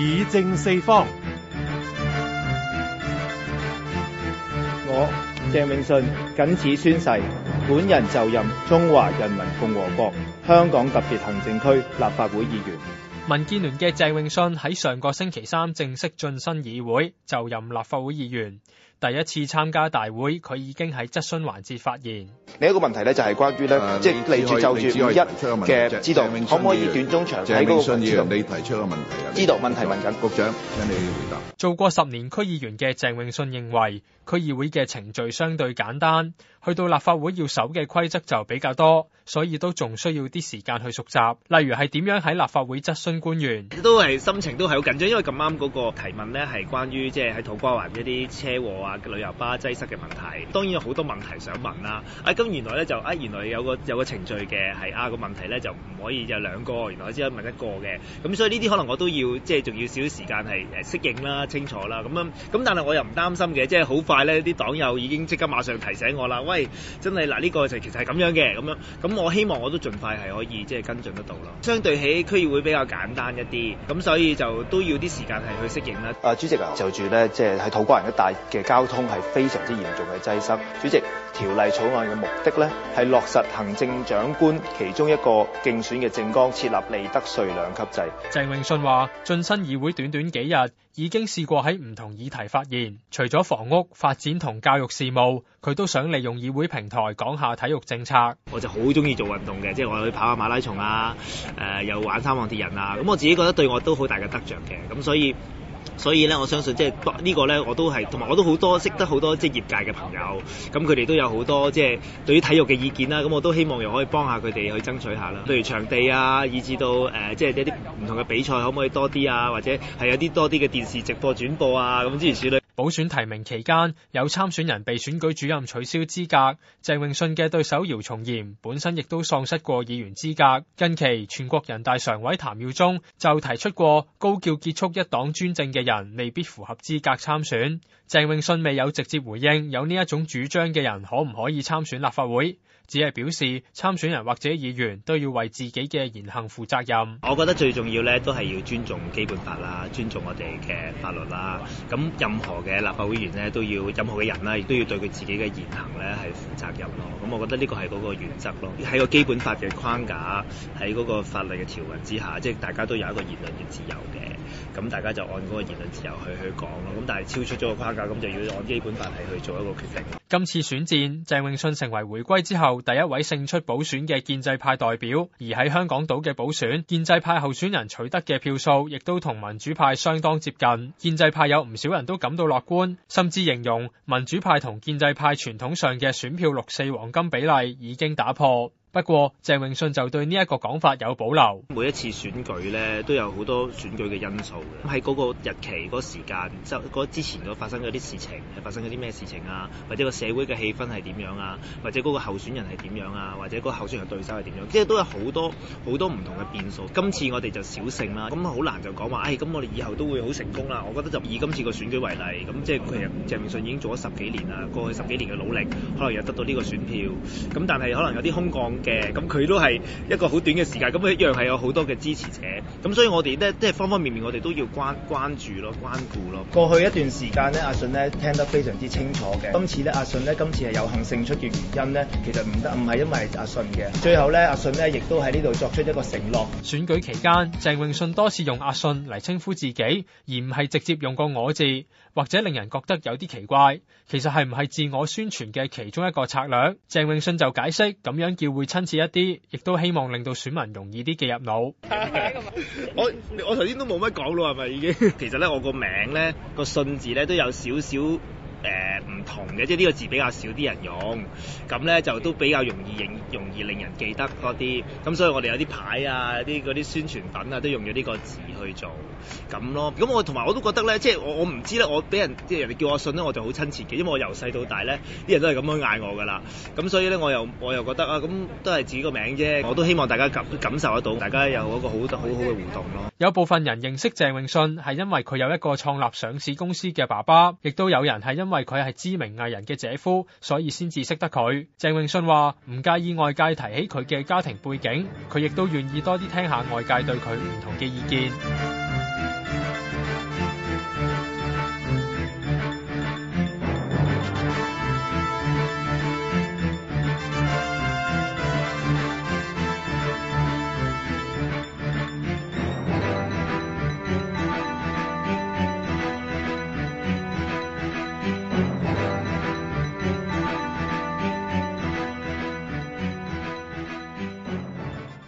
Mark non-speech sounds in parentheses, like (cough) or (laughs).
以正四方。我鄭泳舜謹此宣誓，本人就任中華人民共和國香港特別行政區立法會議員。民建聯嘅鄭泳舜喺上個星期三正式晉身議會，就任立法會議員。第一次參加大會，佢已經喺質詢環節發言。另一個問題呢就係關於呢，即係嚟，住就住一嘅，知道可唔可以短中長。鄭泳舜你提出個問題啊，知道問題問緊局長，請你回答。做過十年區議員嘅鄭泳舜認為區議會嘅程序相對簡單，去到立法會要守嘅規則就比較多，所以都仲需要啲時間去熟習，例如係點樣喺立法會質詢官員。都係心情都好緊張，因為咁啱嗰個提問呢係關於即係喺土瓜灣一啲車禍啊啊旅遊巴擠塞嘅問題，當然有好多問題想問啦。啊咁原來咧就啊原來有個有個程序嘅，係啊個問題咧就唔可以有兩個，原來只可以問一個嘅。咁所以呢啲可能我都要即係仲要少少時間係誒適應啦、清楚啦。咁樣咁但係我又唔擔心嘅，即係好快咧啲黨友已經即刻馬上提醒我啦。喂，真係嗱呢個就其實係咁樣嘅咁樣。咁我希望我都盡快係可以即係跟進得到啦。相對起區議會比較簡單一啲，咁所以就都要啲時間係去適應啦。啊主席啊，就住咧即係喺土瓜灣一帶嘅交通係非常之嚴重嘅擠塞。主席，條例草案嘅目的咧，係落實行政長官其中一個競選嘅政綱，設立利得稅兩級制。鄭泳舜話：晉身議會短短幾日，已經試過喺唔同議題發言，除咗房屋發展同教育事務，佢都想利用議會平台講下體育政策。我就好中意做運動嘅，即係我去跑下馬拉松啊，誒又玩三項鐵人啊，咁我自己覺得對我都好大嘅得著嘅，咁所以。所以咧，我相信即係呢個咧，我都係同埋我都好多識得好多即係業界嘅朋友，咁佢哋都有好多即係對於體育嘅意見啦。咁我都希望又可以幫下佢哋去爭取下啦，譬如場地啊，以至到誒，即係一啲唔同嘅比賽可唔可以多啲啊，或者係有啲多啲嘅電視直播轉播啊，咁諸如此類。補選提名期間，有參選人被選舉主任取消資格。鄭泳舜嘅對手姚松炎本身亦都喪失過議員資格。近期全國人大常委譚耀宗就提出過，高叫結束一黨專政嘅人未必符合資格參選。鄭泳舜未有直接回應有呢一種主張嘅人可唔可以參選立法會，只係表示參選人或者議員都要為自己嘅言行負責任。我覺得最重要咧，都係要尊重基本法啦，尊重我哋嘅法律啦。咁任何嘅立法會員咧，都要任何嘅人啦，亦都要對佢自己嘅言行咧係負責任咯。咁我覺得呢個係嗰個原則咯，喺個基本法嘅框架，喺嗰個法律嘅條文之下，即係大家都有一個言論嘅自由嘅，咁大家就按嗰個言論自由去去講咯。咁但係超出咗個框架咁就要按基本法係去做一個決定。今次選戰，鄭泳舜成為回歸之後第一位勝出補選嘅建制派代表，而喺香港島嘅補選，建制派候選人取得嘅票數亦都同民主派相當接近。建制派有唔少人都感到樂觀，甚至形容民主派同建制派傳統上嘅選票六四黃金比例已經打破。不過鄭泳舜就對呢一個講法有保留。每一次選舉咧都有好多選舉嘅因素嘅，喺嗰個日期個時間，嗰時間，即係之前嗰發生嗰啲事情，係發生嗰啲咩事情啊？或者個社會嘅氣氛係點樣啊？或者嗰個候選人係點樣啊？或者嗰個候選人的對手係點樣？即係都有好多好多唔同嘅變數。今次我哋就小勝啦，咁好難就講話，誒、哎，咁我哋以後都會好成功啦。我覺得就以今次個選舉為例，咁即係佢鄭泳舜已經做咗十幾年啦，過去十幾年嘅努力，可能又得到呢個選票。咁但係可能有啲空降。咁佢都係一個好短嘅時間，咁佢一樣係有好多嘅支持者，咁所以我哋咧即係方方面面，我哋都要關關注咯，關顧咯。過去一段時間呢，阿舜呢聽得非常之清楚嘅。今次呢，阿舜呢，今次係有幸勝出嘅原因呢，其實唔得，唔係因為阿舜嘅。最後呢，阿舜呢亦都喺呢度作出一個承諾。選舉期間，鄭泳舜多次用阿舜嚟稱呼自己，而唔係直接用個我字，或者令人覺得有啲奇怪。其實係唔係自我宣傳嘅其中一個策略？鄭泳舜就解釋，咁樣叫會親切一啲，亦都希望令到選民容易啲記入腦 (laughs) (laughs) 我我頭先都冇乜講咯，係咪已經？ (laughs) 其實咧，我個名咧個舜字咧都有少少。誒唔、呃、同嘅，即係呢個字比較少啲人用，咁咧就都比較容易認，容易令人記得多啲。咁所以我哋有啲牌啊，啲嗰啲宣傳品啊，都用咗呢個字去做咁咯。咁我同埋我都覺得咧，即係我我唔知咧，我俾人即係人哋叫我舜咧，我就好親切嘅，因為我由細到大咧，啲人都係咁樣嗌我噶啦。咁所以咧，我又我又覺得啊，咁都係自己個名啫。我都希望大家感感受得到，大家有一個好好好嘅互動咯。有部分人認識鄭泳舜係因為佢有一個創立上市公司嘅爸爸，亦都有人係因因為佢係知名藝人嘅姐夫，所以先至識得佢。鄭泳舜話唔介意外界提起佢嘅家庭背景，佢亦都願意多啲聽下外界對佢唔同嘅意見。